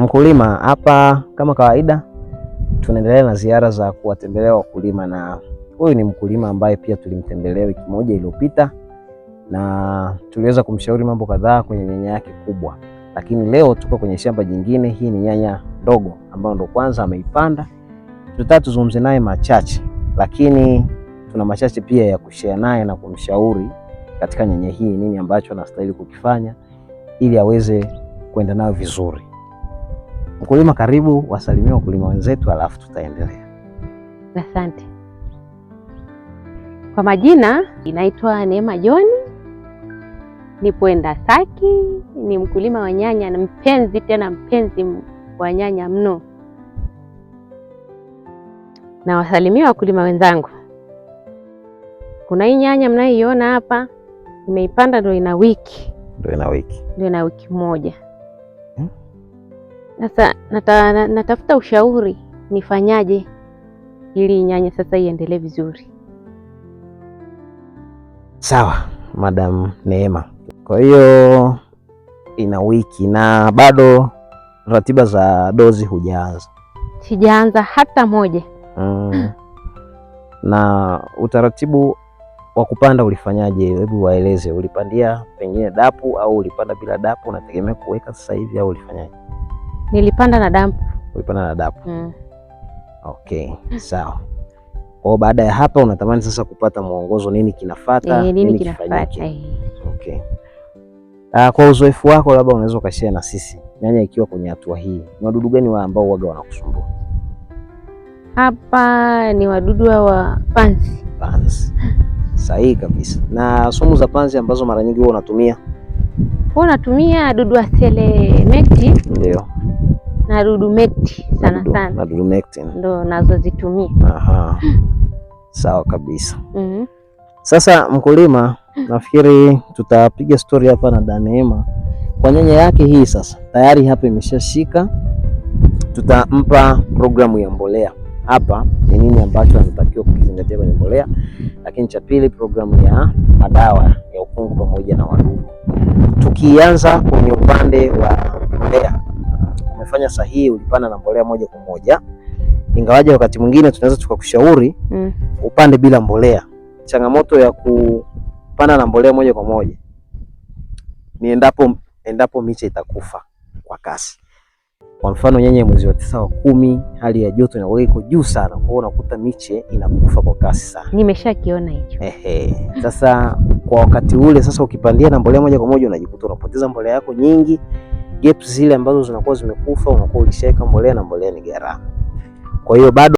Mkulima hapa, kama kawaida, tunaendelea na ziara za kuwatembelea wakulima, na huyu ni mkulima ambaye pia tulimtembelea wiki moja iliyopita na tuliweza kumshauri mambo kadhaa kwenye nyanya yake kubwa, lakini leo tuko kwenye shamba jingine. Hii ni nyanya ndogo ambayo ndo kwanza ameipanda. Tutataka tuzungumze naye machache, lakini tuna machache pia ya kushare naye na kumshauri katika nyanya hii, nini ambacho anastahili kukifanya ili aweze kuenda nayo vizuri. Mkulima karibu, wasalimia wakulima wenzetu, alafu tutaendelea. Asante. Kwa majina inaitwa Neema Joni, nipoenda saki ni mkulima wa nyanya na mpenzi tena mpenzi wa nyanya mno. Na wasalimia wakulima wenzangu, kuna hii nyanya mnayoiona hapa, nimeipanda ndo ina wiki ndo ina wiki ndo ina wiki moja hmm? Sasa nata, natafuta ushauri nifanyaje ili nyanya sasa iendelee vizuri. Sawa Madam Neema, kwa hiyo ina wiki na bado ratiba za dozi hujaanza? Sijaanza hata moja. Mm. na utaratibu wa kupanda ulifanyaje? Hebu waeleze, ulipandia pengine dapu au ulipanda bila dapu, unategemea kuweka sasa hivi au ulifanyaje? Nilipanda na dampu. Ulipanda na dampu. Mm. Okay, sawa. Kwa baada ya hapa unatamani sasa kupata mwongozo nini kinafuata, e, eh, nini nini E. Okay. Uh, kwa uzoefu wako labda unaweza ukashare na sisi. Nyanya ikiwa kwenye hatua hii, ni wadudu gani wa ambao waga wanakusumbua? Hapa ni wadudu wa panzi. Panzi. Sahihi kabisa. Na sumu za panzi ambazo mara nyingi huwa unatumia? Huwa unatumia dudu wa selemekti. Ndio na sana sana. Na Dudumekti ndo nazozitumia. Aha. Sawa kabisa. mm -hmm. Sasa mkulima, nafikiri tutapiga stori hapa na Daneema kwa nyanya yake hii. Sasa tayari hapa imeshashika, tutampa programu ya mbolea hapa ni nini ambacho anatakiwa kukizingatia kwenye mbolea, lakini cha pili programu ya madawa ya ukungu pamoja na wadudu. Tukianza kwenye upande wa ulifanya sahihi, ulipanda na mbolea moja kwa moja, ingawaje wakati mwingine tunaweza tukakushauri mm. upande bila mbolea. Changamoto ya kupanda na mbolea moja kwa moja ni endapo endapo miche itakufa kwa kasi. Kwa mfano nyanya mwezi wa tisa wa kumi, hali ya joto inakuwa iko juu sana, kwa hiyo unakuta miche inakufa kwa kasi sana. Nimeshakiona hicho. Ehe, sasa kwa wakati ule sasa, ukipandia na mbolea moja kwa moja unajikuta unapoteza mbolea yako nyingi, gaps zile ambazo zinakuwa zimekufa unakuwa ulishaweka mbolea na mbolea ni gharama. Kwa hiyo bado